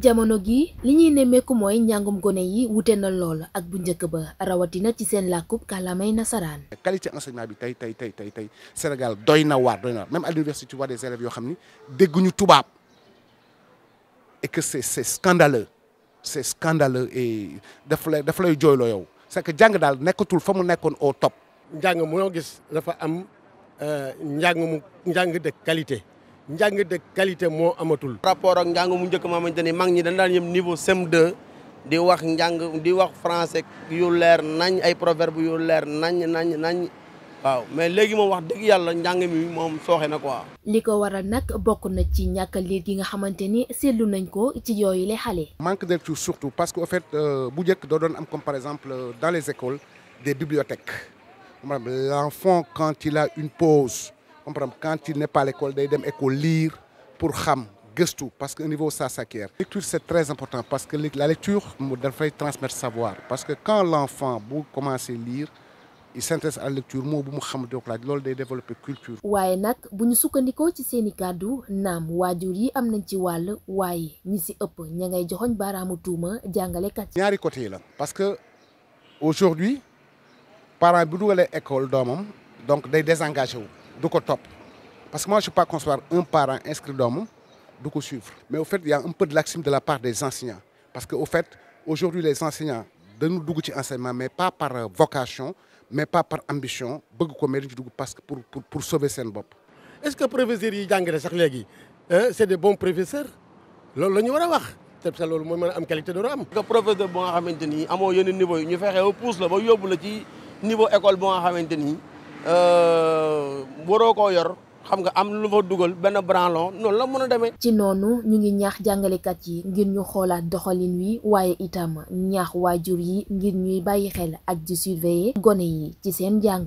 jamono gi li ñuy nemmeeku mooy njàngum gone yi wute na lool ak bu njëkk ba rawatina ci seen làkkub kàllaamay nasaraan. qualité enseignement bi tey tey tey tey tey Sénégal doy na waar doy na waar même à l'université tu vois des yoo xam ni dégguñu tubaab et que c'est c'est scandaleux c'est scandaleux et daf lay daf lay jooyloo yow c'est que jàng daal nekkatul fa mu nekkoon au top. njàng moo gis dafa am. Euh, njàng mu njàng de qualité njàng de qualité moo amatul. rapport ak njàng mu njëkk ma xamante ni mag ñi dañ daan yem niveau CM2 di wax njàng di wax français yu leer nañ ay proverbe yu leer nañ nañ nañ. waaw mais léegi moom wax dëgg yàlla njàng mi moom sooxe na quoi. li ko waral nag bokk na ci ñàkk liir gi nga xamante ni seetlu nañ ko ci yooyu les xale. manque de lecture surtout parce que au fait euh, bu njëkk doo doon am comme par exemple euh, dans les écoles des bibliothèques. L'enfant, quand il a une pause, quand il n'est pas à l'école, il pour xam gestou, parce qu'au niveau ça s'acquiert. lecture, c'est très important, parce que la lecture, il faut transmettre savoir. Parce que quand l'enfant commence à lire, il s'intéresse à la lecture moo bu mu xam donc laaj loolu day développer culture. waaye nag bu ñu sukkandikoo ci seeni kàddu naam waajur yi am nañ ci wàll waaye ñi si ëpp ña ngay joxoñ baaraamu tuuma jàngalekat yi. ñaari côté yi la parce que aujourd'hui parent bu dugalee école doomam donc day désengagé du ko topp parce que moi je peux pas concevoir un parent inscrit doomam du ko suivre mais au fait il y a de la part des enseignants parce que au fait aujourd'hui les enseignants dañu dugg ci enseignement mais pas par euh, vocation mais pas par ambition bëgg ko mais dañu ci parce que pour pour pour sauver seen bopp. est-ce que professeurs yi jàngale sax léegi c'est des bons professeurs loolu la ñu war a wax. loolu mooy mën professeur boo ni amoo yenn niveau yi ñu fexe ba pousse la ba niveau école bu nga xamante ni euh, waroo ko yor xam nga am lu fa dugal benn branlon noonu la mën a demee. ci noonu ñu ngi ñaax jàngalekat yi ngir ñu xoolaat doxalin wi waaye itam ñaax waajur yi ngir ñuy bàyyi xel ak di surveiller gone yi ci seen jàng.